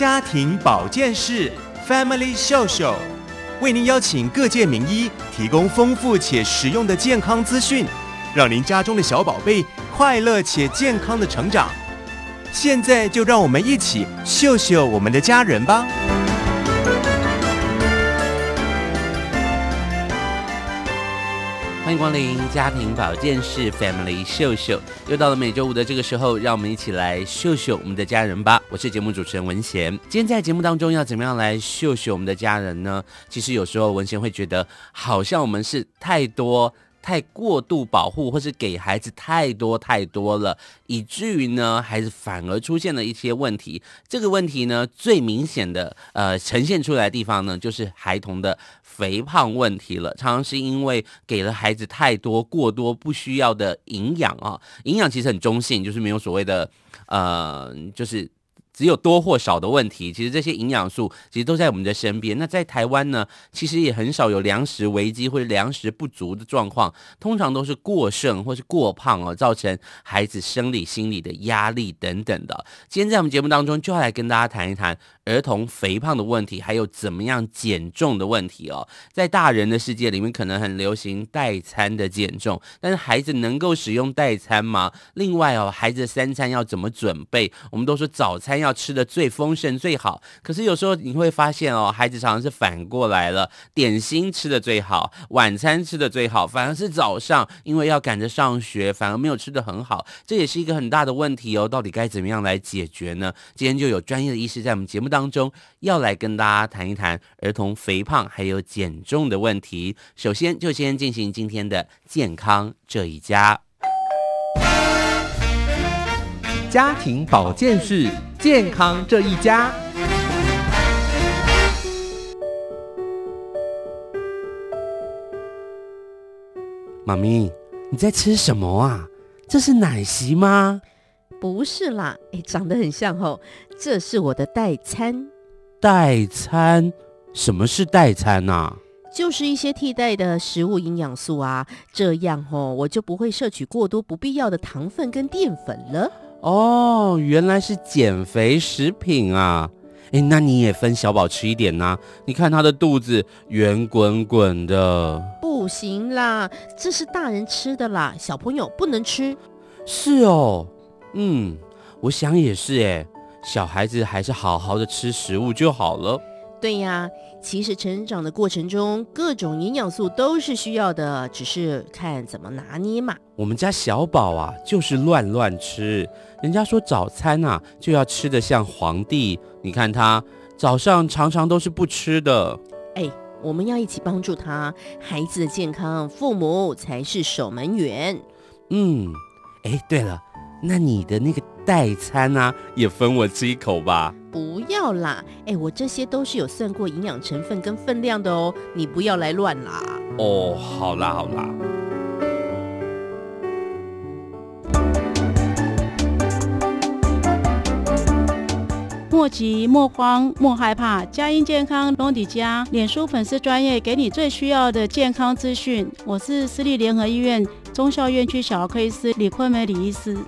家庭保健室 Family Show Show 為您邀請各界名醫，提供豐富且實用的健康資訊，讓您家中的小寶貝快樂且健康的成長。現在就讓我們一起秀秀我們的家人吧。歡迎光臨家庭保健室 Family 秀秀，又到了每周五的這個時候，讓我們一起來秀秀我們的家人吧。我是節目主持人文賢，今天在節目當中要怎麼樣來秀秀我們的家人呢？其實有時候文賢會覺得，好像我們是太多。太過度保護，或是給孩子太多太多了，以至於呢，孩子反而出現了一些問題。這個問題呢，最明顯的呃呈現出來的地方呢，就是孩童的肥胖問題了。常常是因為給了孩子太多、過多不需要的營養啊，營養其實很中性，就是沒有所謂的呃，就是。只有多或少的問題，其實這些營養素其實都在我們的身邊。那在台灣呢，其實也很少有糧食危機或者糧食不足的狀況，通常都是過剩或是過胖而、哦、造成孩子生理心理的壓力等等的。今天在我們節目當中就要來跟大家談一談。兒童肥胖的問題，還有怎麼樣減重的問題哦。在大人的世界裡面，可能很流行代餐的減重，但是孩子能夠使用代餐嗎？另外哦，孩子三餐要怎麼準備？我們都說早餐要吃得最豐盛最好，可是有時候你會發現哦，孩子常常是反過來了，點心吃得最好，晚餐吃得最好，反而是早上因為要趕着上學，反而沒有吃得很好，這也是一個很大的問題哦。到底該怎麼樣來解決呢？今天就有專業的醫師在我們節目當中。當中要來跟大家談一談兒童肥胖還有減重的問題。首先就先進行今天的健康這一家，家庭保健室健康這一家。媽咪，你在吃什麼啊？這是奶昔嗎？不是啦，誒，長得很像吼，這是我的代餐。代餐？什麼是代餐吶？就是一些替代的食物營養素啊，這樣吼，我就不會攝取過多不必要的糖分跟澱粉了。哦，原來是減肥食品啊！誒，那你也分小寶吃一點吶，你看他的肚子圓滾滾的。不行啦，這是大人吃的啦，小朋友不能吃。是哦。嗯，我想也是哎，小孩子還是好好的吃食物就好了。對呀，其實成長的過程中，各種營養素都是需要的，只是看怎麼拿捏嘛。我們家小寶啊，就是亂亂吃。人家說早餐啊，就要吃得像皇帝。你看他早上常常都是不吃的。哎，我們要一起幫助他，孩子的健康，父母才是守門員。嗯，哎，對了。那你的那個代餐啊，也分我吃一口吧？不要啦，哎、欸，我這些都是有算過營養成分跟分量的哦，你不要來亂啦。哦，好啦好啦。莫急莫慌莫害怕，佳音健康隆迪家臉書粉絲專頁，給你最需要的健康資訊。我是市立聯合醫院忠孝院區小兒科醫師李坤梅李醫師。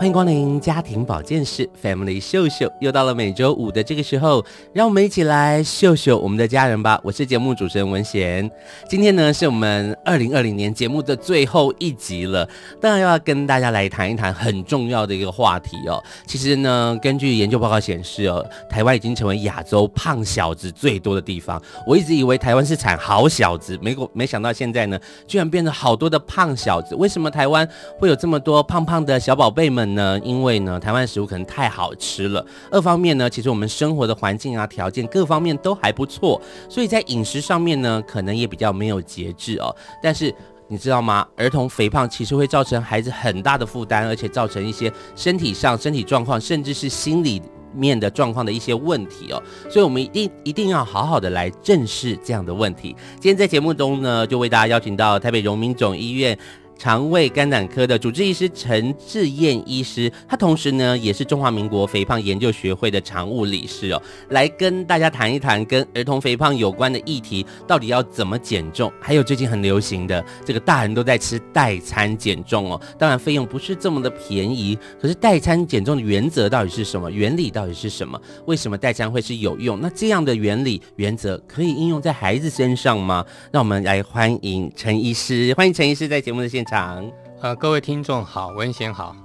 歡迎光臨家庭保健室，Family 秀秀，又到了每周五的這個時候，讓我們一起來秀秀我們的家人吧。我是節目主持人文賢，今天呢是我們二零二零年節目的最後一集了，當然又要跟大家來談一談很重要的一個話題哦。其實呢，根據研究報告顯示哦，台灣已經成為亞洲胖小子最多的地方。我一直以為台灣是產好小子，沒過沒想到現在呢，居然變得好多的胖小子。為什麼台灣會有這麼多胖胖的小寶貝們？呢，因為呢，台灣食物可能太好吃了；二方面呢，其實我們生活的環境啊、條件各方面都還不錯，所以在飲食上面呢，可能也比較沒有節制哦。但是你知道嗎？兒童肥胖其實會造成孩子很大的負擔，而且造成一些身體上、身體狀況，甚至是心裡面的狀況的一些問題哦。所以我們一定一定要好好的來正視這樣的問題。今天在節目中呢，就為大家邀請到台北榮民總醫院。腸胃肝膽科的主治醫師陳志彥醫師，他同時呢，也是中華民國肥胖研究學會的常務理事哦，來跟大家談一談跟兒童肥胖有關的議題，到底要怎麼減重？還有最近很流行的這個大人都在吃代餐減重哦，當然費用不是這麼的便宜，可是代餐減重的原則到底是什麼？原理到底是什麼？為什麼代餐會是有用？那這樣的原理原則可以應用在孩子身上嗎？讓我們來歡迎陳醫師，歡迎陳醫師在節目的現場。長，呃，各位聽眾好，文賢好，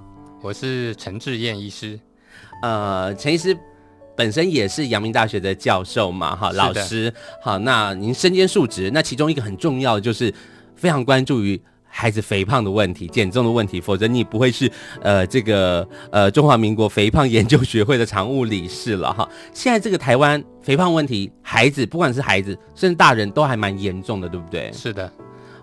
我是陳志彥醫師，呃，陳醫師本身也是陽明大學的教授嘛，哈，老師，好，那您身兼數職，那其中一個很重要的就是非常關注於孩子肥胖的問題、減重的問題，否則你不會是呃這個呃中華民國肥胖研究學會的常務理事了，哈。現在這個台灣肥胖問題，孩子不管是孩子，甚至大人都還蠻嚴重的，對不對？是的。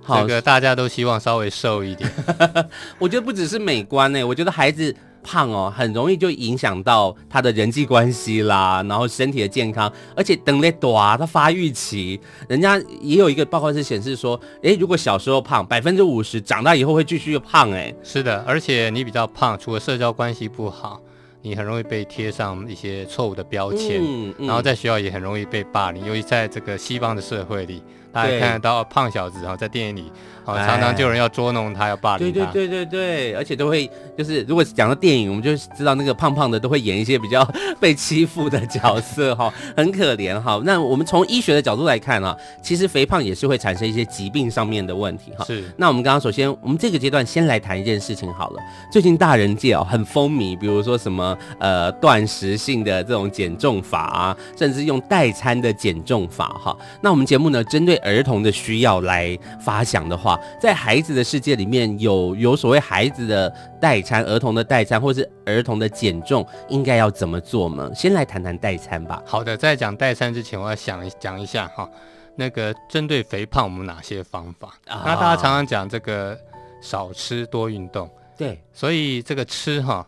好這個大家都希望稍微瘦一點。 我覺得不只是美觀呢、欸，我覺得孩子胖哦、喔，很容易就影響到他的人際關係啦，然後身體的健康。而且等勒多啊，他發育期，人家也有一個報告是顯示說，哎、欸，如果小時候胖百分之五十，長大以後會繼續又胖、欸。哎，是的，而且你比較胖，除了社交關係不好，你很容易被貼上一些錯誤的標籤、嗯，嗯，然後在學校也很容易被霸凌，尤其在這個西方的社會裡。大家看得到胖小子，然後在電影裡。好，常常就有人要捉弄他，要霸凌他。對對對對對，而且都會就是，如果講到電影，我們就知道那個胖胖的都會演一些比較被欺負的角色哈， 很可憐哈。那我們從醫學的角度來看啊，其實肥胖也是會產生一些疾病上面的問題哈。是。那我們剛剛首先，我們這個階段先來談一件事情好了。最近大人界哦很風靡，比如說什麼呃斷食性的這種減重法啊，甚至用代餐的減重法哈。那我們節目呢，針對兒童的需要來發想的話。啊、在孩子的世界裡面，有有所謂孩子的代餐、兒童的代餐，或是兒童的減重，應該要怎麼做嗎？先來談談代餐吧。好的，在講代餐之前，我要想一，講一下哈，那個針對肥胖，我們哪些方法？哦、那大家常常講這個少吃多運動，對，所以這個吃哈，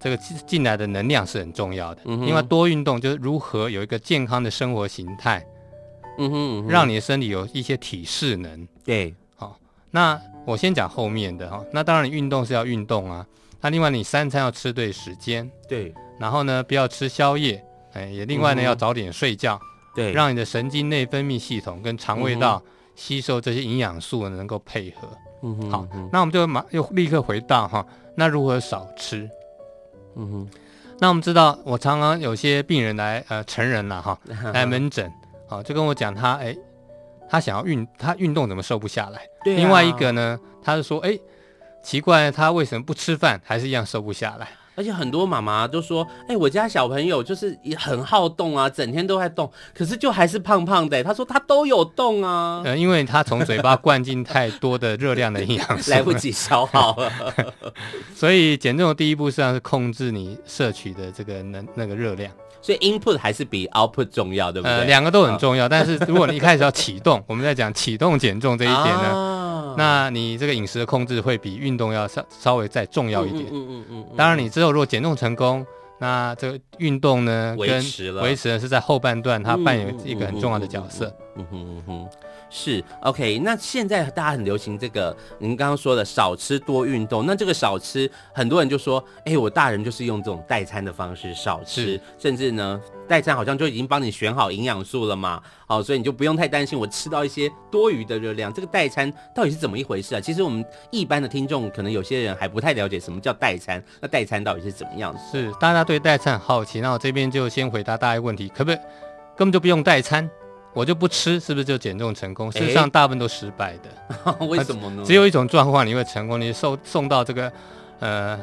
這個進進來的能量是很重要的。嗯，因為多運動就是如何有一個健康的生活形態，嗯哼，嗯哼，讓你的身體有一些體適能，對。那我先講後面的哈，那當然你運動是要運動啊，那另外你三餐要吃對時間，對，然後呢，不要吃宵夜，哎，也另外呢、嗯、要早點睡覺，對，讓你的神經內分泌系統跟腸胃道吸收這些營養素能夠配合，嗯哼，好，那我們就馬又立刻回到哈，那如何少吃？嗯哼，那我們知道我常常有些病人來呃成人了哈，來門診，啊， 就跟我講他哎。他想要運，他運動怎麼瘦不下來？對啊，另外一個呢，他是說，欸，奇怪，他為什麼不吃飯，還是一樣瘦不下來？而且很多媽媽都說，欸，我家小朋友就是也很好動啊，整天都在動，可是就還是胖胖的。他說他都有動啊，呃，因為他從嘴巴灌進太多的熱量的營養 來不及消耗了。 所以減重的第一步實際上是控制你攝取的這個能那個熱量。所以 input 還是比 output 重要，對不對？呃、兩個都很重要，哦，但是如果你一開始要啟動， 我們在講啟動減重這一點呢，啊，那你這個飲食的控制會比運動要稍稍微再重要一點。嗯嗯嗯，嗯，嗯。當然，你之後如果減重成功，那這個運動呢，跟維持了，維持是在後半段它扮演一個很重要的角色。嗯哼嗯哼。嗯嗯嗯嗯是 OK，那現在大家很流行這個，您剛剛說的少吃多運動，那這個少吃，很多人就說，哎、欸，我大人就是用這種代餐的方式少吃，甚至呢，代餐好像就已經幫你選好營養素了嘛，好、哦，所以你就不用太擔心我吃到一些多餘的熱量。這個代餐到底是怎麼一回事啊？其實我們一般的聽眾可能有些人還不太了解什麼叫代餐，那代餐到底是怎麼樣的？是大家對代餐很好奇，那我這邊就先回答大家一個問題，可不，根本就不用代餐。我就不吃，是不是就減重成功？事實上，大部分都失敗的。欸、 為什麼呢？只有一種狀況你會成功，你送送到這個，呃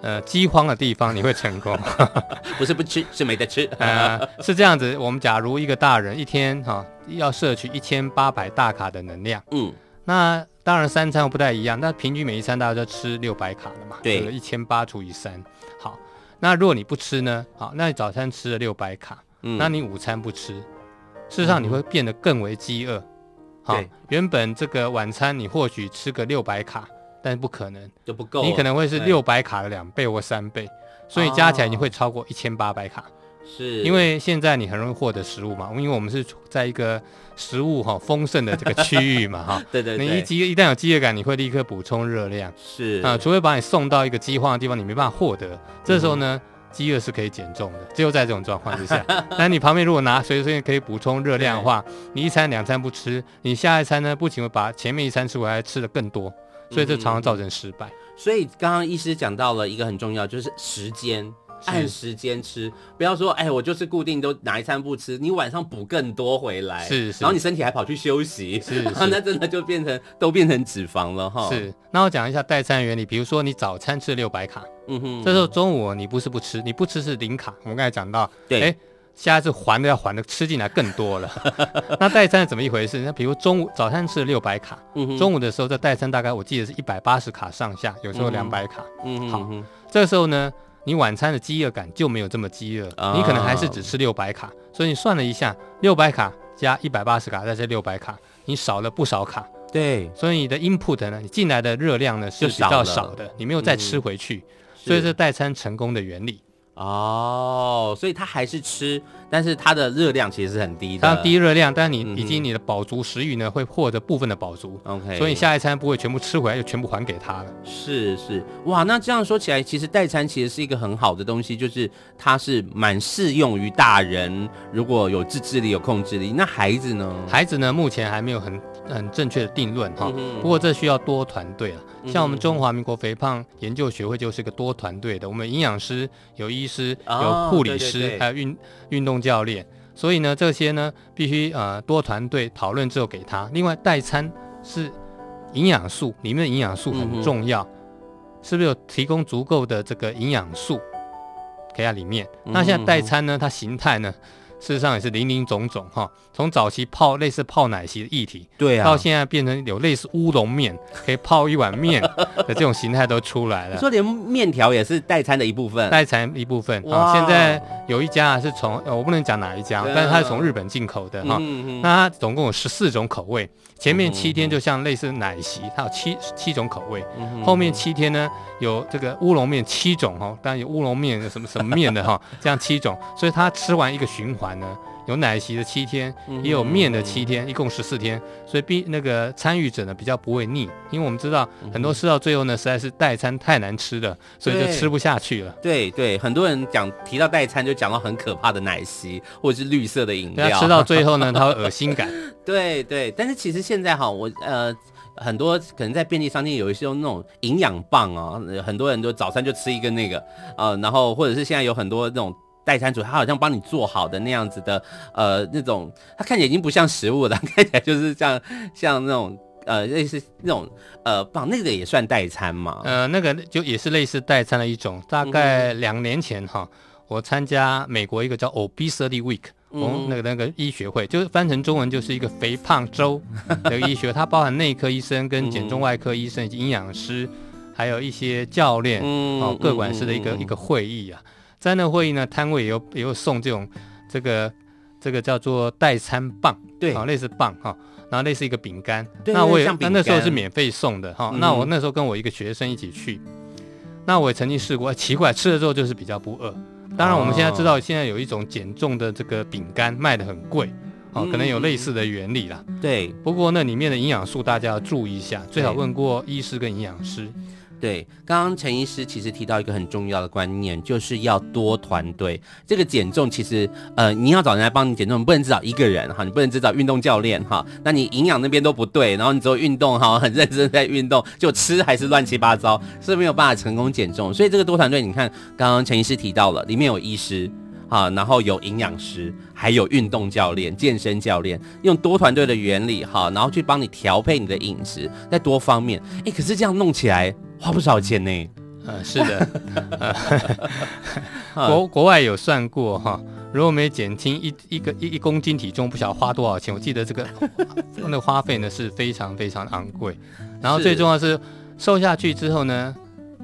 呃，饑荒的地方，你會成功。 不是不吃，是沒得吃、 呃。是這樣子。我們假如一個大人一天哈、哦、要攝取一千八百大卡的能量，嗯，那當然三餐不太一樣，那平均每一餐大家都要吃六百卡了嘛。對，一千八除以三。好，那如果你不吃呢？好，那你早餐吃了六百卡、嗯，那你午餐不吃。事實上，你會變得更為飢餓。好、嗯哦，原本這個晚餐你或許吃個六百卡，但是不可能，就不夠。你可能會是六百卡的兩倍或三倍、哎，所以加起來你會超過一千八百卡。是、哦，因為現在你很容易獲得食物嘛，因為我們是在一個食物哈、哦、豐盛的這個區域嘛，哈。 對對。你一飢一旦有飢餓感，你會立刻補充熱量。是啊、嗯，除非把你送到一個飢荒的地方，你沒辦法獲得。這時候呢？嗯飢餓是可以減重的，只有在這種狀況之下。那你旁邊如果拿隨時 可以補充熱量的話，你一餐兩 餐不吃，你下一餐呢不僅會把前面一餐吃回來，還吃得更多，所以這常常造成失敗。嗯嗯嗯。所以剛剛醫師講到了一個很重要，就是時間。按時間吃，不要說哎、欸，我就是固定都哪一餐不吃，你晚上補更多回來，是，是，然後你身體還跑去休息，是，是，那真的就變成是是都變成脂肪了哈。是，那我講一下代餐原理，比如說你早餐吃六百卡，嗯哼，嗯哼，這時候中午你不是不吃，你不吃是零卡，我們剛才講到，對，哎，現在是還的要還的，吃進來更多了。 那代餐是怎麼一回事？那比如中午早餐吃六百卡，嗯哼，中午的時候這代餐大概我記得是一百八十卡上下，有時候兩百卡，嗯嗯，好嗯哼，這個時候呢。你晚餐的飢餓感就沒有這麼飢餓，oh. 你可能還是只吃六百卡，所以你算了一下，六百卡加一百八十卡，再加六百卡，你少了不少卡。對，所以你的 input 呢，你進來的熱量呢是比較少的，就少了，你沒有再吃回去，嗯，所以是代餐成功的原理。哦，oh, 所以他還是吃。但是它的熱量其實是很低的，它低熱量，但是你以及你的飽足食慾呢，嗯、會獲得部分的飽足。OK，所以下一餐不會全部吃回來，就全部還給他了。是是，哇，那這樣說起來，其實代餐其實是一個很好的東西，就是它是蠻適用於大人，如果有自制力、有控制力。那孩子呢？孩子呢？目前還沒有很很正確的定論哈、嗯嗯。不過這需要多團隊了，像我們中華民國肥胖研究學會就是一個多團隊的嗯哼嗯哼，我們營養師有醫師、哦、有護理師，對對對對，還有運運動。教練，所以呢，這些呢必須呃多團隊討論之後給他。另外，代餐是營養素裡面的營養素很重要，嗯，是不是有提供足夠的這個營養素給他裡面，嗯？那現在代餐呢，它形態呢？事實上也是林林總總哈，從早期泡類似泡奶昔的液體，對啊，到現在變成有類似烏龍麵可以泡一碗麵的這種形態都出來了。 說連麵條也是代餐的一部分，代餐一部分。啊，現在有一家是從呃我不能講哪一家，但是它是從日本進口的哈、啊。那它總共有十四種口味、嗯，前面七天就像類似奶昔，它有七七種口味、嗯。後面七天呢，有這個烏龍麵七種哈，當然有烏龍麵有什麼什麼麵的哈， 這樣七種。所以他吃完一個循環。有奶昔的七天，也有麵的七天，嗯、一共十四天，所以比那個參與者呢比較不會膩，因為我們知道很多吃到最後呢，實在是代餐太難吃的，所以就吃不下去了。對對，對，很多人講提到代餐就講到很可怕的奶昔，或者是綠色的飲料，啊、吃到最後呢，他會噁心感。 對對，但是其實現在哈，我呃很多可能在便利商店有一些用那種營養棒啊，很多人都早餐就吃一個那個啊、呃，然後或者是現在有很多那種。代餐主，他好像幫你做好的那樣子的，呃，那種他看起來已經不像食物了，看起來就是像像那種呃類似那種呃，不那個也算代餐嘛？呃，那個就也是類似代餐的一種。大概兩年前哈、嗯哦，我參加美國一個叫 Obesity Week，、嗯哦、那個那個醫學會，就是翻成中文就是一個肥胖周的醫學，嗯、它包含內科醫生、跟減重外科醫生以及、營養師，還有一些教練、嗯，哦，各管事的一個、嗯、一個會議啊。在那會議呢，攤位也有也有送這種，這個這個叫做代餐棒，對，啊、哦，類似棒哈、哦，然後類似一個餅乾，對那我也，那那時候是免費送的哈、哦嗯，那我那時候跟我一個學生一起去，那我也曾經試過、哎，奇怪，吃了之後就是比較不餓。當然我們現在知道，現在有一種減重的這個餅乾賣得很貴，哦，可能有類似的原理啦、嗯。對，不過那裡面的營養素大家要注意一下，最好問過醫師跟營養師。對，剛剛陳醫師其實提到一個很重要的觀念，就是要多團隊。這個減重其實，呃，你要找人來幫你減重，你不能只找一個人哈，你不能只找運動教練哈，那你營養那邊都不對，然後你只有運動哈，很認真在運動，就吃還是亂七八糟，所以沒有辦法成功減重。所以這個多團隊，你看剛剛陳醫師提到了，裡面有醫師。好，然後有營養師，還有運動教練、健身教練，用多團隊的原理，好，然後去幫你調配你的飲食，在多方面。哎，可是這樣弄起來花不少錢呢。嗯，是的。 國國外有算過哈，如果沒減輕一一個一一公斤體重，不曉得花多少錢？我記得這個，那個花費呢是非常非常昂貴。然後最重要的是瘦下去之後呢，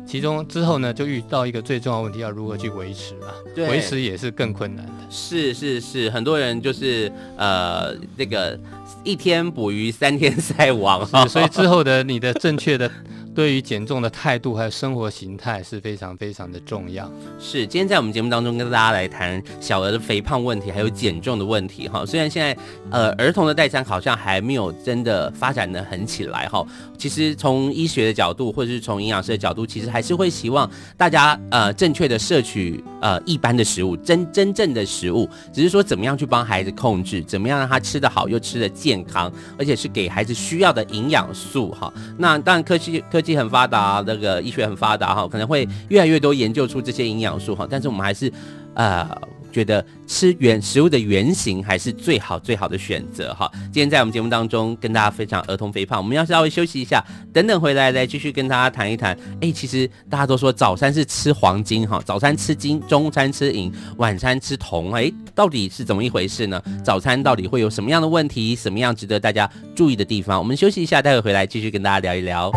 其中之後呢，就遇到一個最重要問題，要如何去維持嘛？對，維持也是更困難的。是是是，很多人就是呃，這個一天捕魚，三天曬網啊。所以之後的你的正確的。 對於減重的態度還有生活形態是非常非常的重要。是，今天在我們節目當中跟大家來談小兒的肥胖問題，還有減重的問題。哈，雖然現在呃兒童的代餐好像還沒有真的發展得很起來。哈，其實從醫學的角度，或者是從營養師的角度，其實還是會希望大家呃正確的攝取呃一般的食物，真真正的食物。只是說怎麼樣去幫孩子控制，怎麼樣讓他吃得好又吃得健康，而且是給孩子需要的營養素。哈，那當然科技科。技很發達，那、這個醫學很發達哈，可能會越來越多研究出這些營養素哈。但是我們還是，呃，覺得吃原食物的原型還是最好最好的選擇哈。今天在我們節目當中跟大家分享兒童肥胖，我們要稍微休息一下，等等回來再繼續跟大家談一談。哎、欸，其實大家都說早餐是吃黃金哈，早餐吃金，中餐吃銀，晚餐吃銅，哎、欸，到底是怎麼一回事呢？早餐到底會有什麼樣的問題？什麼樣值得大家注意的地方？我們休息一下，待會回來繼續跟大家聊一聊。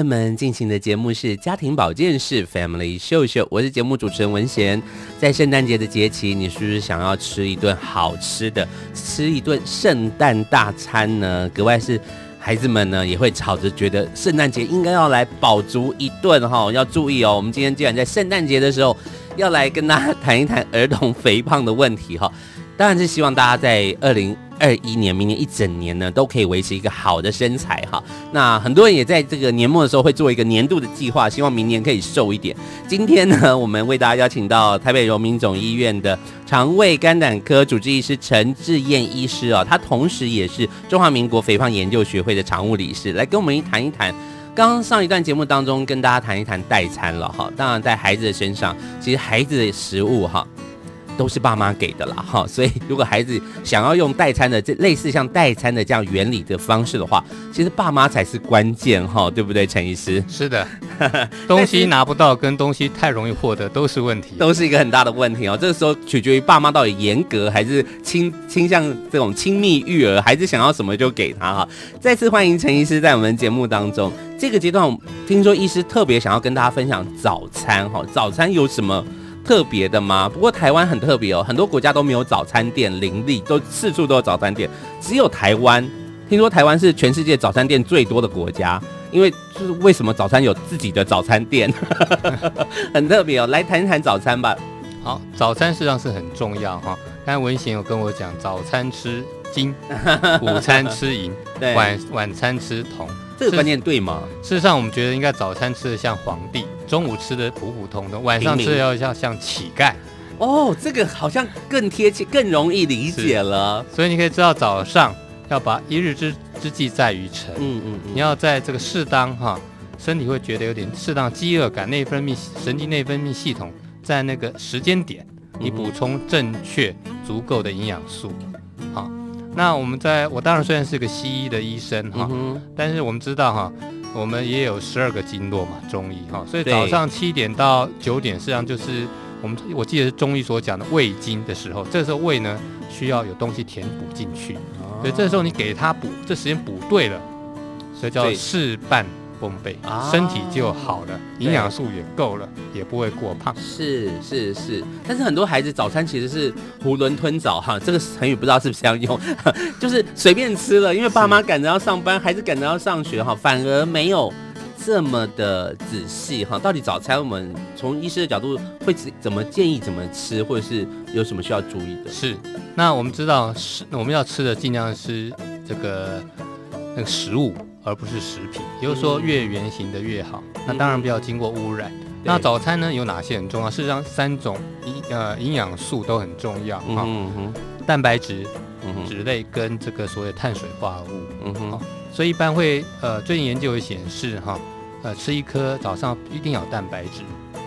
朋友們，進行的節目是家庭保健室 Family 秀秀，我是節目主持人文賢。在聖誕節的節期，你是不是想要吃一頓好吃的，吃一頓聖誕大餐呢？格外是孩子們呢，也會吵着覺得聖誕節應該要來飽足一頓哈。要注意哦，我們今天既然在聖誕節的時候要來跟大家談一談兒童肥胖的問題哈，當然是希望大家在二零。二一年，明年一整年呢，都可以維持一個好的身材哈。那很多人也在這個年末的時候會做一個年度的計劃，希望明年可以瘦一點。今天呢，我們為大家邀請到台北榮民總醫院的腸胃肝膽科主治醫師陳志彥醫師哦，他同時也是中華民國肥胖研究學會的常務理事，來跟我們談一談。剛剛上一段節目當中跟大家談一談代餐了哈、哦。當然，在孩子的身上，其實孩子的食物哈。哦都是爸媽給的啦，哈，所以如果孩子想要用代餐的，這類似像代餐的這樣原理的方式的話，其實爸媽才是關鍵，哈，對不對，陳醫師？是的，東西拿不到跟東西太容易獲得都是問題，都是一個很大的問題哦，這時候取決於爸媽到底嚴格還是傾傾向這種親密育兒，孩子想要什麼就給他，哈。再次歡迎陳醫師在我們節目當中，這個階段我聽說醫師特別想要跟大家分享早餐，哈，早餐有什麼？特別的嗎？不過台灣很特別哦、喔，很多國家都沒有早餐店林立，都四處都有早餐店，只有台灣。聽說台灣是全世界早餐店最多的國家，因為就是為什麼早餐有自己的早餐店， 很特別哦、喔。來談一談早餐吧。好，早餐事實上是很重要哈。剛、哦、才文賢有跟我講，早餐吃金，午餐吃銀， 對，晚晚餐吃銅。這個觀念對嗎？事實上，我們覺得應該早餐吃的像皇帝，中午吃的普普通通，晚上吃得要像乞丐明明。哦，這個好像更貼切，更容易理解了。所以你可以知道，早上要把“一日之之計在於晨”。嗯嗯，嗯。你要在這個適當哈，身體會覺得有點適當飢餓感，內分泌、神經內分泌系統在那個時間點，你補充正確足夠的營養素。嗯嗯那我們在我當然雖然是個西醫的醫生哈、嗯，但是我們知道哈，我們也有十二個經絡嘛，中醫哈，所以早上七點到九點實際上就是我們我記得是中醫所講的胃經的時候，這時候胃呢需要，有東西填補進去，所以這時候你給他補，嗯、這時間補對了，所以叫事半。豐沛，身體就好了，啊，營養素也夠了，也不會過胖。是是是，但是很多孩子早餐其實是囫圇吞棗哈，這個成語不知道是不是這樣用，就是隨便吃了，因為爸媽趕着要上班，孩子趕着要上學哈，反而沒有這麼的仔細哈。到底早餐我們從醫師的角度會怎怎麼建議怎麼吃，或者是有什麼需要注意的？是，那我們知道是那我們要吃的儘量是這個那個食物。而不是食品，也就是說越圓形的越好。那當然不要經過污染。嗯、那早餐呢，有哪些很重要？事實上三種營呃營養素都很重要哈、哦嗯嗯嗯，蛋白質、脂、嗯、類跟這個所謂碳水化合物。嗯哼、嗯哦，所以一般會呃最近研究也顯示哈，呃吃一顆早上一定要有蛋白質。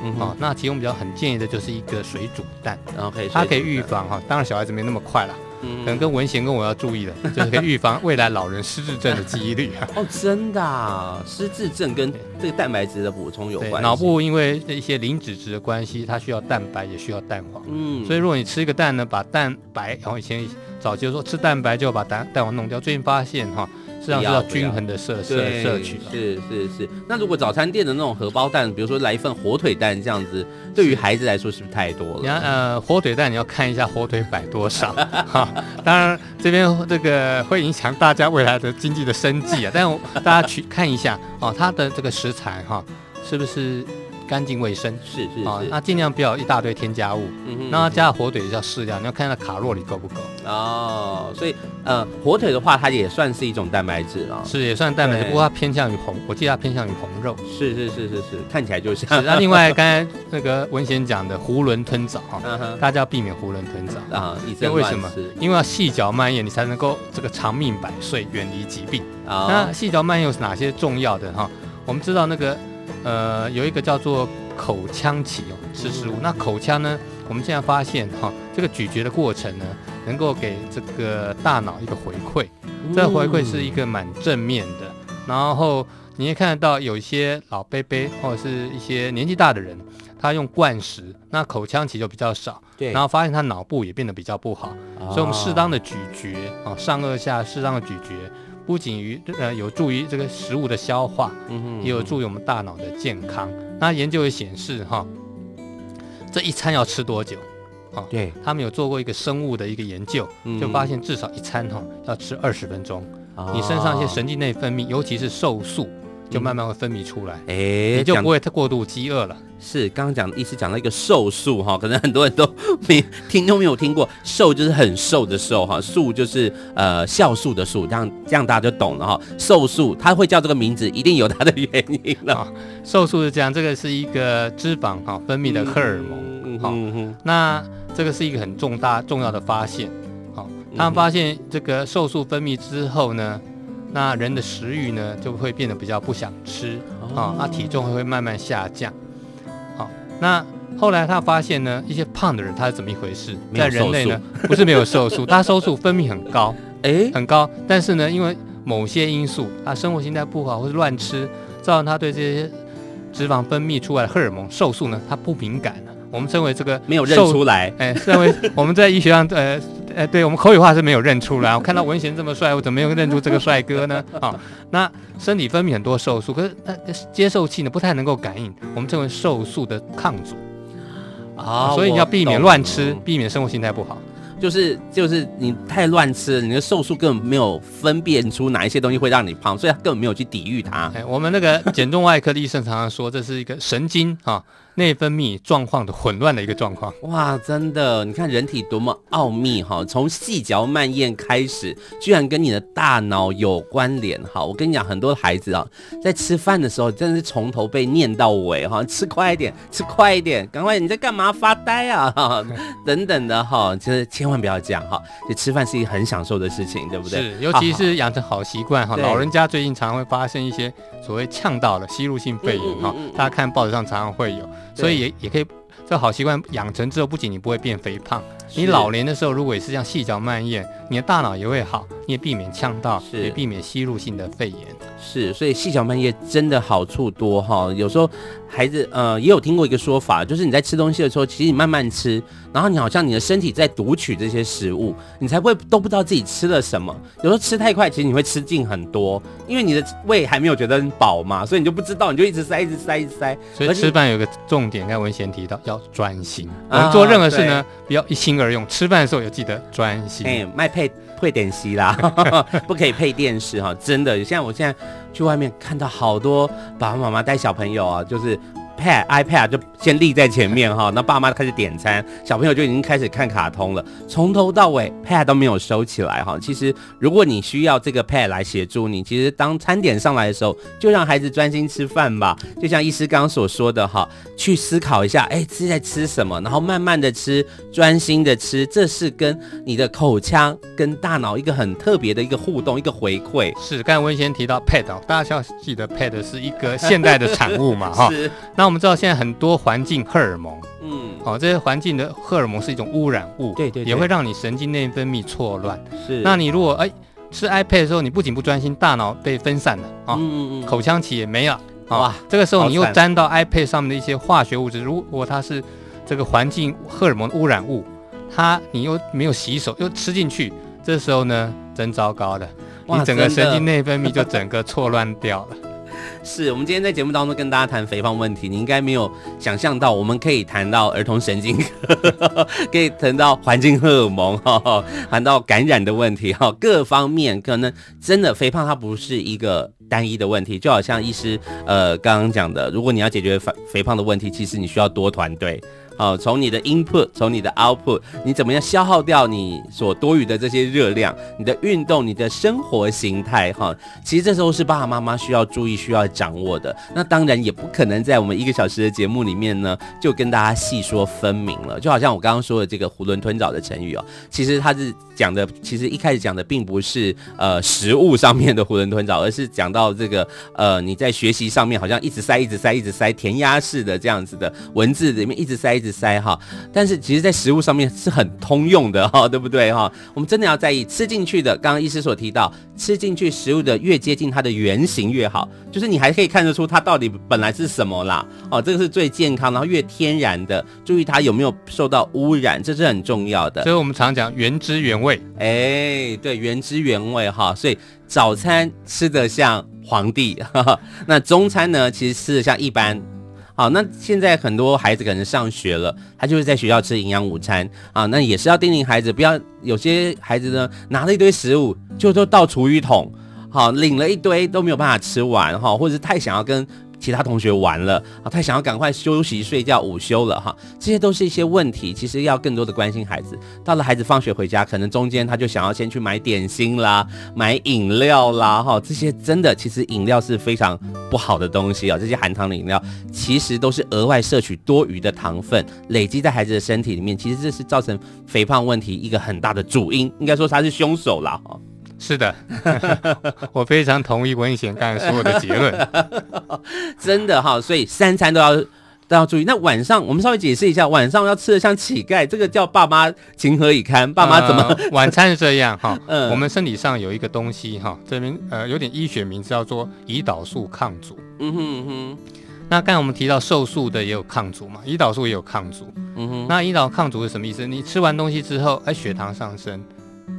嗯、哦、那其中比較很建議的就是一個水煮蛋，啊、可以它可以預防哈、哦，當然小孩子沒那麼快了。嗯、可能跟文賢跟我要注意的，就是可以預防未來老人失智症的機率。 哦，真的！啊，失智症跟這個蛋白質的補充有關係。對。對，腦部因為一些磷脂質的關係，它需要蛋白，也需要蛋黃。嗯，所以如果你吃一個蛋呢，把蛋白、然、哦、後以前早期說吃蛋白就要把蛋蛋黃弄掉，最近發現哈。哦是要均衡的攝攝攝取，是是是，是。那如果早餐店的那種荷包蛋，比如說來一份火腿蛋這樣子，對於孩子來說是不是太多了？你看、啊，呃，火腿蛋你要看一下火腿擺多少哈 、哦。當然，這邊這個會影響大家未來的經濟的生計啊。但大家去看一下哦，它的這個食材哈，哦、 是不是？乾淨衛生是是啊、哦，那盡量不要一大堆添加物。嗯嗯，那加了火腿就要適量，你要看它卡路里夠不夠。哦，所以呃，火腿的話，它也算是一種蛋白質啊、哦。是也算蛋白質，不過它偏向於紅，我記得它偏向於紅肉。是是是是是，看起來就是這樣，那 另外，剛才那個文賢講的“囫圇吞棗”哈、嗯，大家要避免“囫圇吞棗”啊。因為為什麼？因為要細嚼慢咽，你才能夠這個長命百歲，遠離疾病。哦、那細嚼慢咽是哪些重要的哈、哦？我們知道那個。呃，有一個叫做口腔期哦，吃食物。那口腔呢，我們現在發現哈、哦，這個咀嚼的過程呢，能夠給這個大腦一個回饋，嗯、這個、回饋是一個蠻正面的。然後你也看得到，有一些老杯杯或者是一些年紀大的人，他用灌食，那口腔期就比較少，對。然後發現他腦部也變得比較不好，哦、所以我們適當的咀嚼啊、哦，上顎下適當的咀嚼。不僅於呃有助於這個食物的消化，嗯，哼嗯哼，也有助於我們大腦的健康。那研究也顯示哈，這一餐要吃多久？哈，對他們有做過一個生物的一個研究，嗯、就發現至少一餐哈要吃二十分鐘、嗯。你身上一些神經內分泌，哦、尤其是瘦素。嗯就慢慢會分泌出來，也、嗯欸、就不會太過度飢餓了。是，剛剛講的意思講到一個瘦素哈、哦，可能很多人都沒聽都沒有聽過， 瘦就是很瘦的瘦哈、哦，素就是呃酵素的素，這樣這樣大家就懂了哈、哦。瘦素它會叫這個名字，一定有它的原因啊、哦。瘦素是這樣這個是一個脂肪哈、哦、分泌的荷爾蒙，好、嗯哦嗯嗯嗯嗯，那這個是一個很重大重要的發現，好、哦，他們發現這個瘦素分泌之後呢。那人的食慾呢，就會變得比較不想吃、oh. 哦、啊，他體重會慢慢下降。好、哦，那後來他發現呢，一些胖的人他是怎麼一回事？在人類呢，不是沒有瘦素， 他瘦素分泌很高，哎，很高。但是呢，因為某些因素，他生活型態不好，或是亂吃，造成他對這些脂肪分泌出來的荷爾蒙瘦素呢，他不敏感了、啊。我們稱為這個沒有認出來、欸，哎，認為我們在醫學上，呃， 呃，對我們口語化是沒有認出來。我看到文賢這麼帥，我怎麼沒有認出這個帥哥呢？啊、哦，那身體分泌很多瘦素，可是它接受器呢，不太能夠感應，我們稱為瘦素的抗阻、哦、啊，所以你要避免亂吃，避免生活心態不好，就是就是你太亂吃了，你的瘦素根本沒有分辨出哪一些東西會讓你胖，所以他根本沒有去抵禦它。哎、欸，我們那個減重外科的醫生常常說，這是一個神經啊。哦內分泌狀況的混亂的一個狀況哇，真的，你看人體多麼奧秘哈！從細嚼慢咽開始，居然跟你的大腦有關聯哈！我跟你講，很多孩子啊，在吃飯的時候真的是從頭被念到尾哈，吃快一點，吃快一點，趕快！你在幹嘛？發呆啊？等等的哈，就是千萬不要這樣哈！就吃飯是一個很享受的事情，對不對？是，尤其是養成好習慣哈。老人家最近常常會發生一些所謂嗆到的吸入性肺炎哈，嗯，大家看報紙上常常會有。所以也也可以，這好習慣養成之後，不僅你不會變肥胖。你老年的時候，如果也是這樣細嚼慢嚥，你的大腦也會好，你也避免嗆到，是，也避免吸入性的肺炎。是，所以細嚼慢嚥真的好處多哈、哦。有時候孩子呃也有聽過一個說法，就是你在吃東西的時候，其實你慢慢吃，然後你好像你的身體在讀取這些食物，你才會都不知道自己吃了什麼。有時候吃太快，其實你會吃進很多，因為你的胃還沒有覺得飽嘛，所以你就不知道，你就一直塞，一直塞，一直塞。所以吃飯有一個重點，剛才文賢提到要專心、啊。我們做任何事呢，不要一心。個用吃飯的時候，要記得專心。哎、欸，麥配會點戲啦， 不可以配電視哈，真的。現在我現在去外面看到好多爸爸媽媽帶小朋友啊，就是。pad iPad 就先立在前面哈，那 爸媽開始點餐，小朋友就已經開始看卡通了，從頭到尾 pad 都沒有收起來哈。其實如果你需要這個 pad 來協助你，其實當餐點上來的時候，就讓孩子專心吃飯吧。就像醫師剛剛所說的哈，去思考一下，哎，自己在吃什麼，然後慢慢的吃，專心的吃，這是跟你的口腔跟大腦一個很特別的一個互動，一個回饋。是，剛剛溫賢提到 pad，大家要記得 pad 是一個現代的產物嘛哈。 那我們知道，現在很多環境荷爾蒙，嗯，哦，這些環境的荷爾蒙是一種污染物，對對，對，也會讓你神經內分泌錯亂。嗯、是，那你如果哎吃 iPad 的時候，你不僅不專心，大腦被分散了啊、哦嗯嗯，口腔期也沒了啊、哦。這個時候你又沾到 iPad 上面的一些化學物質，如果它是這個環境荷爾蒙的污染物，它你又沒有洗手又吃進去，這時候呢，真糟糕的，你整個神經內分泌就整個錯亂掉了。 是我們今天在節目當中跟大家談肥胖問題，你應該沒有想象到，我們可以談到兒童神經科， 可以談到環境荷爾蒙，哈，談到感染的問題，哈，各方面可能真的肥胖它不是一個單一的問題，就好像醫師呃剛剛講的，如果你要解決肥肥胖的問題，其實你需要多團隊。哦，從你的 input，從你的 output，你怎麼樣消耗掉你所多餘的這些熱量？你的運動，你的生活形態，哈，其實這時候是爸爸媽媽需要注意、需要掌握的。那當然也不可能在我們一個小時的節目裡面呢，就跟大家細說分明了。就好像我剛剛說的這個“囫圇吞棗”的成語哦，其實它是講的，其實一開始講的並不是呃食物上面的“囫圇吞棗”，而是講到這個呃你在學習上面好像一直塞、一直塞、一直塞填鴨式的這樣子的文字裡面一直塞一直塞。塞哈，但是其實，在食物上面是很通用的哈，對不對哈？我們真的要在意吃進去的。剛剛醫師所提到，吃進去食物的越接近它的原型越好，就是你還可以看得出它到底本來是什麼啦。哦，這個是最健康，然後越天然的，注意它有沒有受到污染，這是很重要的。所以我們常講原汁原味，哎，對，原汁原味哈。所以早餐吃得像皇帝，那中餐呢，其實吃得像一般。好，那現在很多孩子可能上學了，他就是在學校吃營養午餐啊，那也是要叮嚀孩子，不要，有些孩子呢，拿了一堆食物就都倒廚餘桶，好，領了一堆都沒有辦法吃完哈，或者是太想要跟。其他同學玩了啊，他想要趕快休息睡覺，午休了哈，這些都是一些問題。其實要更多的關心孩子。到了孩子放學回家，可能中間他就想要先去買點心啦，買飲料啦，哈，這些真的其實飲料是非常不好的東西啊。這些含糖的飲料其實都是額外攝取多餘的糖分，累積在孩子的身體裡面，其實這是造成肥胖問題一個很大的主因，應該說他是凶手啦，哈。是的， 我非常同意文賢剛才所有的結論， 真的哈、哦，所以三餐都要都要注意。那晚上我們稍微解釋一下，晚上要吃得像乞丐，這個叫爸媽情何以堪？爸媽怎麼？呃、晚餐是這樣哈，嗯 哦，我們身體上有一個東西哈、哦，這邊呃有點醫學名字叫做胰島素抗阻，嗯哼嗯哼。那剛才我們提到瘦素的也有抗阻嘛，胰島素也有抗阻，嗯哼。那胰島抗阻是什麼意思？你吃完東西之後，哎，血糖上升，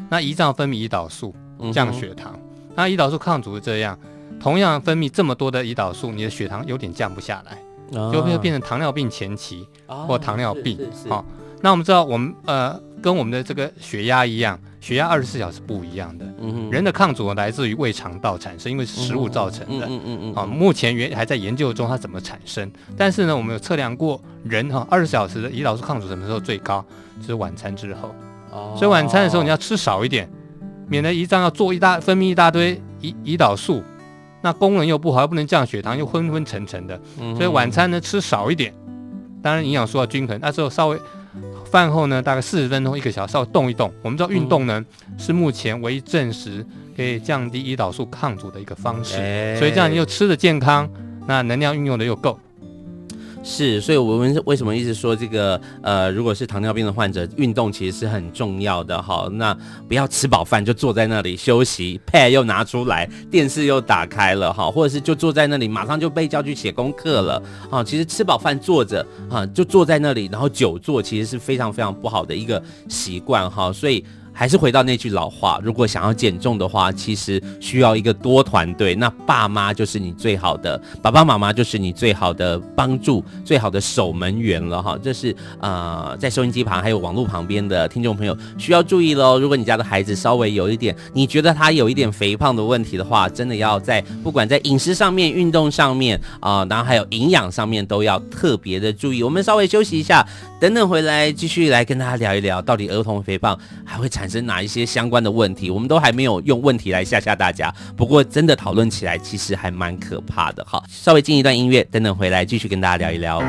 那胰臟分泌胰島素。降血糖。嗯，那胰島素抗阻是這樣，同樣分泌這麼多的胰島素，你的血糖有點降不下來，啊、就會變成糖尿病前期、啊、或糖尿病。好、哦，那我們知道我們呃跟我們的這個血壓一樣，血壓二十四小時不一樣的。嗯、人的抗阻來自於胃腸道產生，因為是食物造成的。嗯嗯嗯啊，目前原還在研究中，它怎麼產生？但是呢，我們有測量過人哈，二十四小時的胰島素抗阻什麼時候最高、嗯？就是晚餐之後。哦、所以晚餐的時候你要吃少一點。哦免得胰臟要做一大分泌一大堆胰胰島素，那功能又不好，又不能降血糖，又昏昏沉沉的。所以晚餐呢，吃少一點，當然營養素要均衡。那時候稍微飯後呢，大概四十分鐘一個小時，稍微動一動。我們知道運動呢、嗯、是目前唯一證實可以降低胰島素抗阻的一個方式，所以這樣你又吃的健康，那能量運用的又夠。是，所以我們為什麼一直說這個？呃，如果是糖尿病的患者，運動其實是很重要的。哈，那不要吃飽飯就坐在那裡休息，Pad 又拿出來，電視又打開了，哈，或者是就坐在那裡，馬上就被叫去寫功課了，啊，其實吃飽飯坐着，啊，就坐在那裡，然後久坐其實是非常非常不好的一個習慣，哈，所以。還是回到那句老話，如果想要減重的話，其實需要一個多團隊。那爸媽就是你最好的爸爸媽媽，就是你最好的幫助、最好的守門員了哈。這、就是啊、呃，在收音機旁還有網絡旁邊的聽眾朋友需要注意嘍。如果你家的孩子稍微有一點，你覺得他有一點肥胖的問題的話，真的要在不管在飲食上面、運動上面啊、呃，然後還有營養上面都要特別的注意。我們稍微休息一下，等等回來繼續來跟大家聊一聊，到底兒童肥胖還會產哪一些相關的問題？我們都還沒有用問題來嚇嚇大家。不過，真的討論起來，其實還蠻可怕的。好，稍微進一段音樂，等等回來繼續跟大家聊一聊。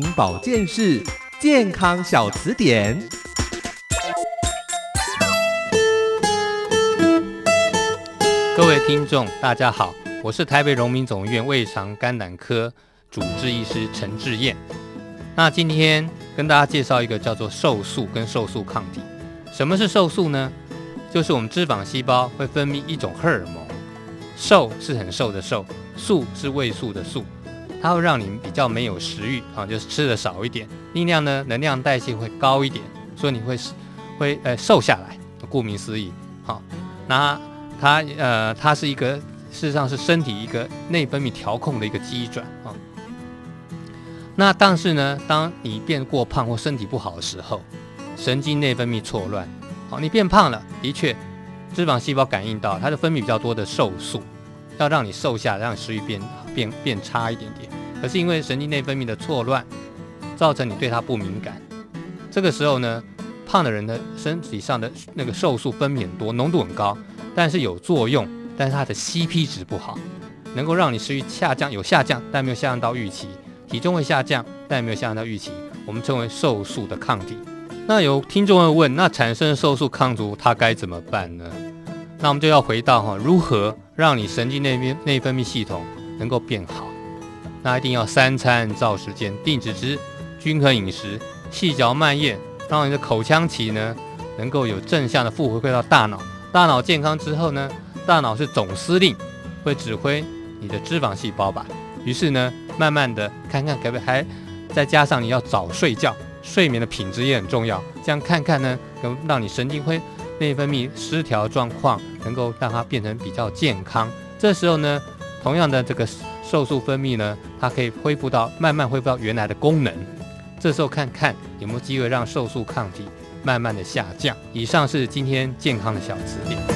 名保健室健康小詞典。各位聽眾，大家好，我是台北榮民總醫院胃腸肝膽科主治醫師陳志彥。那今天跟大家介紹一個叫做瘦素跟瘦素抗體。什麼是瘦素呢？就是我們脂肪細胞會分泌一種荷爾蒙，瘦是很瘦的瘦，素是胃素的素。它會讓你比較沒有食欲啊，就是吃的少一點，力量呢，能量代謝會高一點，所以你會會呃瘦下來。顧名思義，好、哦，那它呃它是一個事實上是身體一個內分泌調控的一個機轉啊、哦。那但是呢，當你變過胖或身體不好的時候，神經內分泌錯亂，好、哦，你變胖了，的確，脂肪細胞感應到，它的分泌比較多的瘦素，要讓你瘦下來，讓食慾變變變，變差一點點。可是因為神經內分泌的錯亂，造成你對它不敏感。這個時候呢，胖的人的身體上的那個瘦素分泌很多，濃度很高，但是有作用，但是它的 CP 值不好，能夠讓你食慾下降，有下降，但沒有下降到預期，體重會下降，但也沒有下降到預期。我們稱為瘦素的抗體。那有聽眾會問，那產生瘦素抗阻，它該怎麼辦呢？那我們就要回到哈、哦，如何讓你神經內邊內分泌系統能夠變好？那一定要三餐照時間，定時吃，均衡飲食，細嚼慢嚥，讓你的口腔期呢能夠有正向的回饋回到大腦。大腦健康之後呢，大腦是總司令，會指揮你的脂肪細胞吧。於是呢，慢慢的看看可不可以還，再加上你要早睡覺，睡眠的品質也很重要。這樣看看呢，能讓你神經灰、內分泌失調狀況能夠讓它變成比較健康。這時候呢，同樣的這個瘦素分泌呢。它可以恢復到，慢慢恢復到原來的功能，這時候看看有沒有機會讓瘦素抗體慢慢的下降。以上是今天健康的小詞典。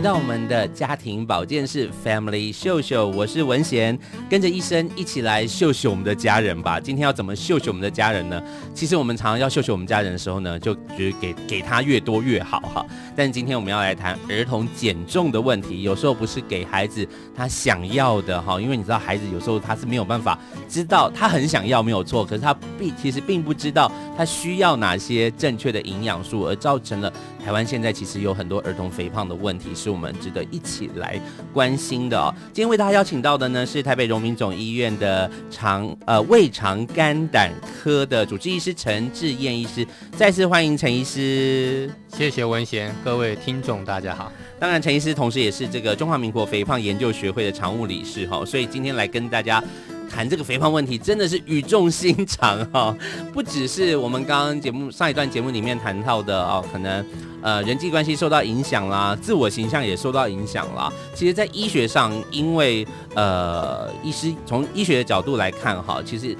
回到我們的家庭保健室，Family 秀秀，我是文賢，跟着醫生一起來秀秀我們的家人吧。今天要怎麼秀秀我們的家人呢？其實我們常常要秀秀我們家人的時候呢，就覺得給給他越多越好哈。但今天我們要來談兒童減重的問題，有時候不是給孩子他想要的哈，因為你知道孩子有時候他是沒有辦法知道他很想要沒有錯，可是他並其實並不知道他需要哪些正確的營養素，而造成了。台灣現在其實有很多兒童肥胖的問題，是我們值得一起來關心的哦。今天為大家邀請到的呢，是台北榮民總醫院的腸呃胃腸肝膽科的主治醫師陳志彥醫師。再次歡迎陳醫師。謝謝文賢，各位聽眾大家好。當然，陳醫師同時也是這個中華民國肥胖研究學會的常務理事哈、哦，所以今天來跟大家。談這個肥胖問題，真的是語重心長哈，哦，不只是我們剛剛節目上一段節目裡面談到的哦，可能呃人際關係受到影響啦，自我形象也受到影響啦。其實，在醫學上，因為呃，醫師從醫學的角度來看哈，其實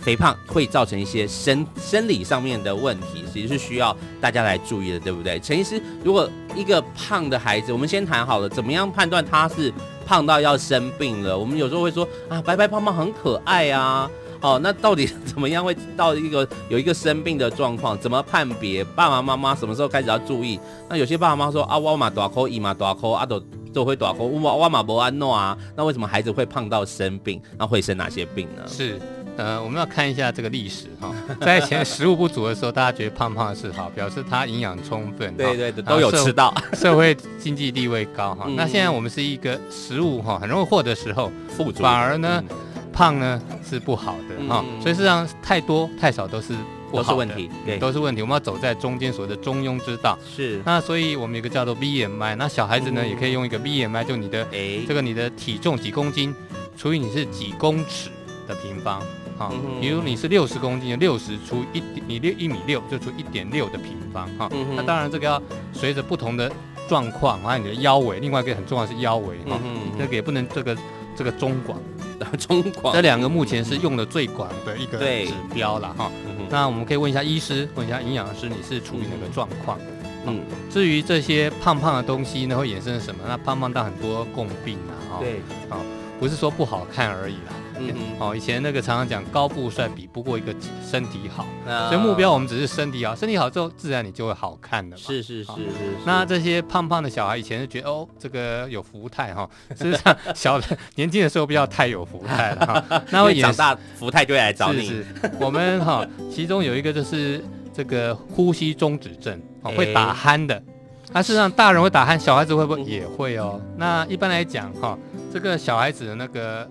肥胖會造成一些生生理上面的問題，其實是需要大家來注意的，對不對？陳醫師，如果一個胖的孩子，我們先談好了，怎麼樣判斷他是？胖到要生病了，我們有時候會說啊，白白胖胖很可愛啊，哦，那到底怎麼樣會到一個有一個生病的狀況？怎麼判別爸爸媽，媽媽什麼時候開始要注意？那有些爸爸媽媽說啊，我嘛大箍，伊嘛大箍，阿、啊、都就，就會大箍，我我嘛無按怎啊，那為什麼孩子會胖到生病？那會生哪些病呢？是。呃，我們要看一下這個歷史哈，在前食物不足的時候，大家覺得胖胖的是好，表示它營養充分， 對對對，都有吃到， 社會經濟地位高哈、嗯。那現在我們是一個食物哈很容易獲得時候，富足、反而呢、嗯、胖呢是不好的哈、嗯。所以事實上太多太少都是不好的，都是問題。對，都是問題。我們要走在中間所謂的中庸之道是。那所以我們有一個叫做 BMI，那小孩子呢、嗯、也可以用一個 BMI，就你的、A、這個你的體重幾公斤除以你是幾公尺的平方。好、嗯，比如你是六十公斤，60除 1, 1就六十除一，你六一米六就除一點六的平方哈、哦嗯。那當然這個要隨着不同的狀況，還有你的腰圍。另外一個很重要的是腰圍哈，哦嗯、這個也不能這個這個中廣， 中廣這兩個目前是用的最廣的一個指標了哈、嗯嗯。那我們可以問一下醫師，問一下營養師，你是處於哪個狀況？嗯、哦，至於這些胖胖的東西呢，會衍生什麼？那胖胖到很多共病啊。哦、對，啊、哦，不是說不好看而已了。嗯，嗯，哦，以前那個常常講高富帥，比不過一個身體好，所以目標我們只是身體好，身體好之後，自然你就會好看的嘛。是是是，是，是。那這些胖胖的小孩，以前是覺得哦，這個有福態哈、哦，事實上，小的 年輕的時候不要太有福態了哈、 哦，那會長大福態就會來找你。是是我們哈，哦、 其中有一個就是這個呼吸中止症，哦欸、會打鼾的。那、啊、事實上，大人會打鼾，小孩子會不會也會哦？ 那一般來講哈、哦，這個小孩子的那個。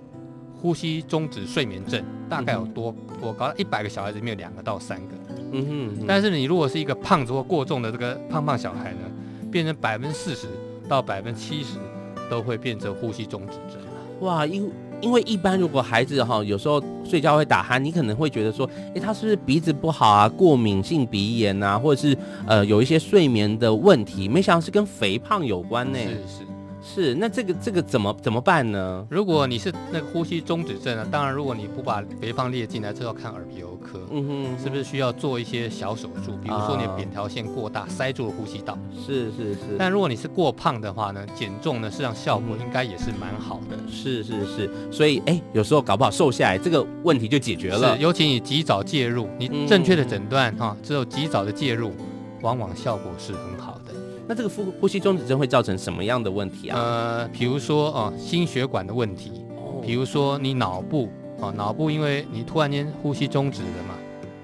呼吸中止睡眠症大概有多多高？一、嗯、百個小孩子裡面有兩個到三個。嗯哼嗯哼，但是你如果是一個胖子或過重的這個胖胖小孩呢，變成百分之四十到百分之七十都會變成呼吸中止症。哇，因因為一般如果孩子哈有時候睡覺會打鼾，你可能會覺得說，哎、欸，他是不是鼻子不好啊，過敏性鼻炎啊，或者是呃有一些睡眠的問題，沒想到是跟肥胖有關呢、欸。是是。是，那這個這個怎麼怎麼辦呢？如果你是那個呼吸中止症啊，當然如果你不把肥胖列進來，這要看耳鼻喉科，嗯哼，是不是需要做一些小手術？比如說你的扁桃腺過大、啊、塞住了呼吸道，是是是。但如果你是過胖的話呢，減重呢實際上效果應該也是蠻好的，嗯、是是是。所以哎，有時候搞不好瘦下來這個問題就解決了是，尤其你及早介入，你正確的診斷、嗯、哈，只有及早的介入，往往效果是很好的。那這個呼呼吸中止症會造成什麼樣的問題啊？呃，比如說啊、呃，心血管的問題，哦、比如說你腦部啊、呃，腦部因為你突然間呼吸中止了嘛，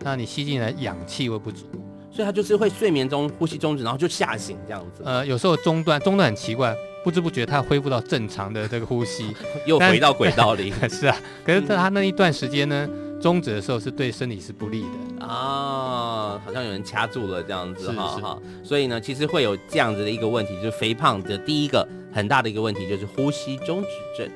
那你吸進來氧氣會不足，所以它就是會睡眠中呼吸中止，然後就嚇醒這樣子。呃，有時候中斷中斷很奇怪，不知不覺它恢復到正常的這個呼吸，又回到軌道裡，是啊。可是它那一段時間呢？嗯中止的時候是對身體是不利的啊、哦，好像有人掐住了，這樣子哈哈、哦，所以呢，其實會有這樣子的一個問題，就是肥胖的第一個很大的一個問題就是呼吸中止症。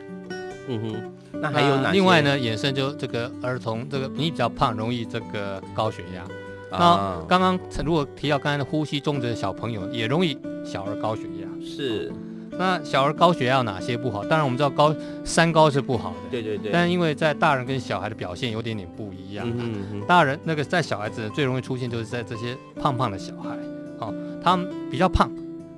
嗯哼，那還有哪？另外呢，衍生就這個兒童這個你比較胖，容易這個高血壓、嗯。那剛剛如果提到剛才的呼吸中止的小朋友也容易小兒高血壓。是。那小兒高血壓哪些不好？當然我們知道高三高是不好的，對對對。但因為在大人跟小孩的表現有點點不一樣，嗯哼哼。大人那個在小孩子最容易出現，就是在這些胖胖的小孩，哦，他們比較胖，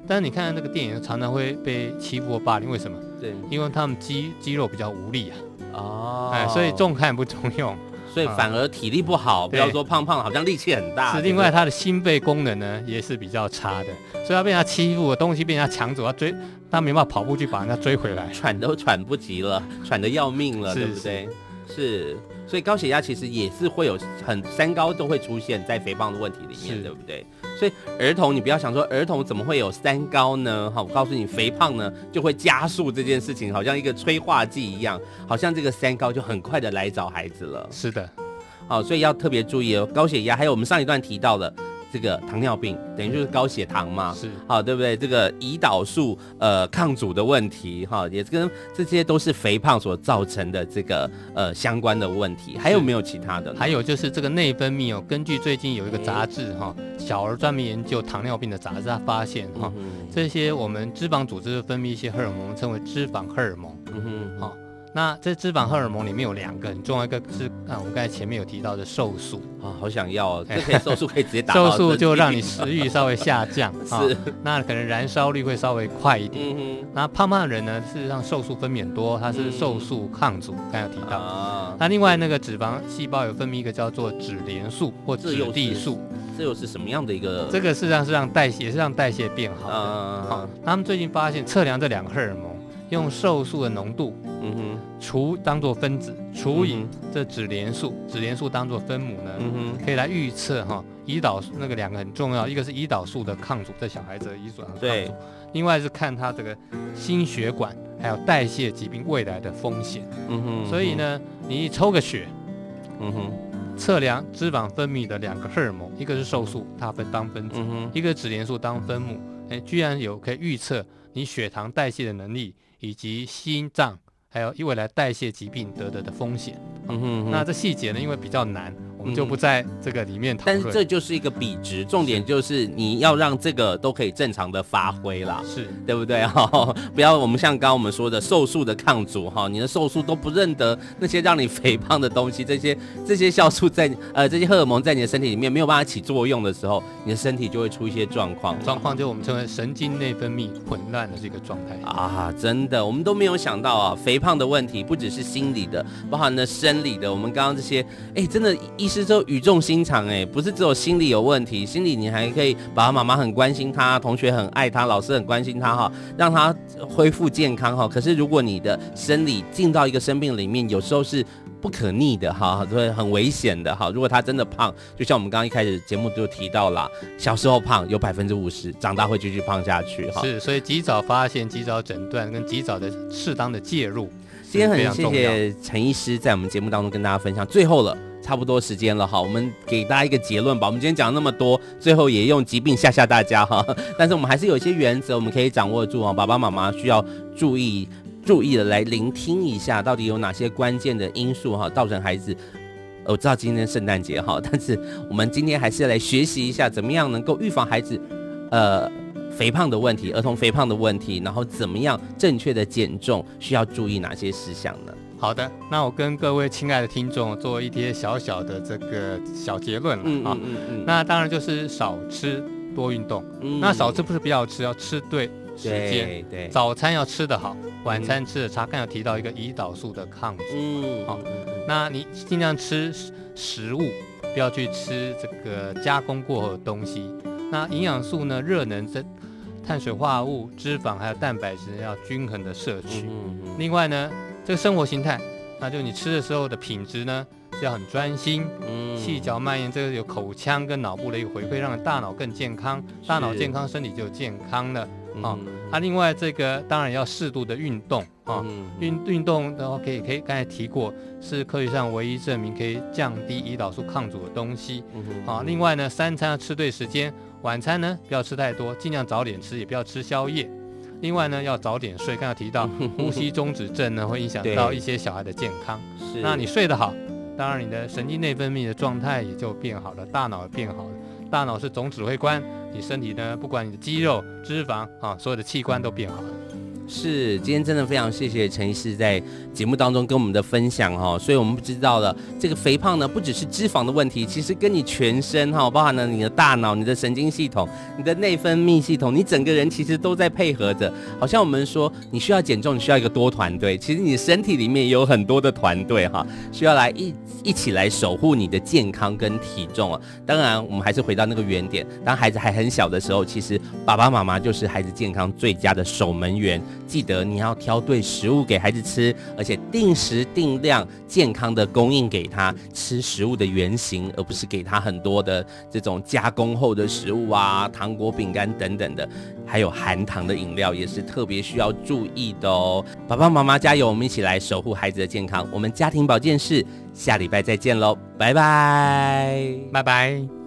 但是你看那個電影常常會被欺負或霸凌，為什麼？對，因為他們肌肌肉比較無力啊，哦，哎、嗯，所以重看不重用。所以反而體力不好，不、嗯、要說胖胖，好像力氣很大對對。另外他的心肺功能呢也是比較差的，所以他被人家欺負，東西被人家搶走，要追，他沒辦法跑步去把人家追回來， 喘都喘不及了，喘得要命了，對不對？是，是，所以高血壓其實也是會有很，三高都會出現在肥胖的問題裡面，對不對？所以兒童，你不要想說兒童怎麼會有三高呢？好，我告訴你，肥胖呢就會加速這件事情，好像一個催化劑一樣，好像這個三高就很快的來找孩子了。是的，好，所以要特別注意哦，高血壓，還有我們上一段提到的。這個糖尿病等於就是高血糖嘛，是好、哦、對不對？這個胰島素呃抗阻的問題哈、哦，也跟這些都是肥胖所造成的這個呃相關的問題。還有沒有其他的？還有就是這個內分泌哦，根據最近有一個雜誌哈、欸哦，小兒專門研究糖尿病的雜誌，他發現哈、哦嗯，這些我們脂肪組織分泌一些荷爾蒙，稱為脂肪荷爾蒙，嗯哼，好、哦。那這脂肪荷爾蒙裡面有兩個很重要，一個是啊，我們剛才前面有提到的瘦素啊、哦，好想要啊、哦，瘦素可以直接打 瘦素就讓你食欲稍微下降、 哦，是。那可能燃燒率會稍微快一點。嗯、哼。那胖胖的人呢，事實上瘦素分泌多，它是瘦素抗阻，嗯、剛才有提到啊、嗯。那另外那個脂肪細胞有分泌一個叫做脂聯素或有地素這是，這又是什麼樣的一個？這個事實上是讓代謝，也是讓代謝變好的。好、嗯哦，他們最近發現測量這兩個荷爾蒙。用瘦素的濃度，嗯哼，除當做分子，除以這脂聯素，脂、嗯、聯素當做分母呢，嗯哼，可以來預測哈胰島那個兩個很重要，一個是胰島素的抗阻，這小孩子的胰島素抗阻，對，另外是看他這個心血管還有代謝疾病未來的風險，嗯哼，嗯哼，所以呢，你一抽個血，嗯哼，測量脂肪分泌的兩個荷爾蒙，一個是瘦素，它分當分子，嗯、一個是脂聯素當分母，哎、嗯欸，居然有可以預測你血糖代謝的能力。以及心臟，還有未來代謝疾病得得的風險。嗯哼，嗯哼，那這細節呢，因為比較難。我們就不在這個裡面談、嗯，但是這就是一個比值，重點就是你要讓這個都可以正常的發揮了，是，是對不對哈？ 不要我們像剛剛我們說的瘦素的抗阻哈，你的瘦素都不認得那些讓你肥胖的東西，這些這些酵素在呃這些荷爾蒙在你的身體裡面沒有辦法起作用的時候，你的身體就會出一些狀況，狀、嗯、況就我們稱為神經內分泌混亂的這個狀態啊，真的，我們都沒有想到啊，肥胖的問題不只是心理的，包含的生理的，我們剛剛這些，哎、欸，真的一。是就語重心長哎、欸，不是只有心理有問題，心理你還可以爸爸媽媽很關心他，同學很愛他，老師很關心他哈，讓他恢復健康哈。可是如果你的生理進到一個生病裡面，有時候是不可逆的哈，所以很危險的哈。如果他真的胖，就像我們剛剛一開始節目就提到了，小時候胖有百分之五十長大會繼續胖下去哈。是，所以及早發現、及早診斷跟及早的適當的介入，今天很謝謝陳醫師在我們節目當中跟大家分享，最後了。差不多時間了哈，我們給大家一個結論吧。我們今天講那麼多，最後也用疾病嚇嚇大家哈。但是我們還是有一些原則，我們可以掌握住啊，爸爸媽媽需要注意注意的來聆聽一下，到底有哪些關鍵的因素哈，造成孩子、呃。我知道今天聖誕節哈，但是我們今天還是要來學習一下，怎麼樣能夠預防孩子呃肥胖的問題，兒童肥胖的問題，然後怎麼樣正確的減重，需要注意哪些事項呢？好的，那我跟各位親愛的聽眾做一些小小的這個小結論了啊、嗯嗯嗯。那當然就是少吃，嗯、多運動、嗯。那少吃不是不要吃，要吃對時間。對，對。早餐要吃得好，晚餐吃的差。嗯、剛剛有提到一個胰島素的抗阻嗯，嗯。那你盡量吃食物，不要去吃這個加工過後的東西。那營養素呢？嗯、熱能症、碳碳水化合物、脂肪還有蛋白質要均衡的攝取。嗯。嗯嗯嗯。另外呢？這個生活形態，那就你吃的時候的品質呢，是要很專心，細、嗯、嚼慢咽。這個有口腔跟腦部的一個回饋，讓大腦更健康。大腦健康，身體就健康了、嗯、啊。那另外這個當然要適度的運動啊，嗯、運運動的話可以可以剛才提過，是科學上唯一證明可以降低胰島素抗阻的東西、嗯、啊。另外呢，三餐要吃對時間，晚餐呢不要吃太多，盡量早點吃，也不要吃宵夜。另外呢，要早點睡。剛才提到呼吸中止症呢， 會影響到一些小孩的健康是。那你睡得好，當然你的神經內分泌的狀態也就變好了，大腦也變好了。大腦是總指揮官，你身體呢，不管你的肌肉、脂肪啊，所有的器官都變好了。是，今天真的非常謝謝陳醫師在節目當中跟我們的分享哈，所以我們不知道了這個肥胖呢，不只是脂肪的問題，其實跟你全身哈，包含了你的大腦、你的神經系統、你的內分泌系統，你整個人其實都在配合着。好像我們說你需要減重，你需要一個多團隊，其實你身體裡面也有很多的團隊哈，需要來一一起來守護你的健康跟體重啊。當然，我們還是回到那個原點，當孩子還很小的時候，其實爸爸媽媽就是孩子健康最佳的守門員。記得你要挑對食物給孩子吃，而且定時定量、健康的供應給他吃食物的原型，而不是給他很多的這種加工後的食物啊，糖果、餅乾等等的，還有含糖的飲料也是特別需要注意的哦。爸爸媽媽加油，我們一起來守護孩子的健康。我們家庭保健室下禮拜再見嘍，拜拜，拜拜。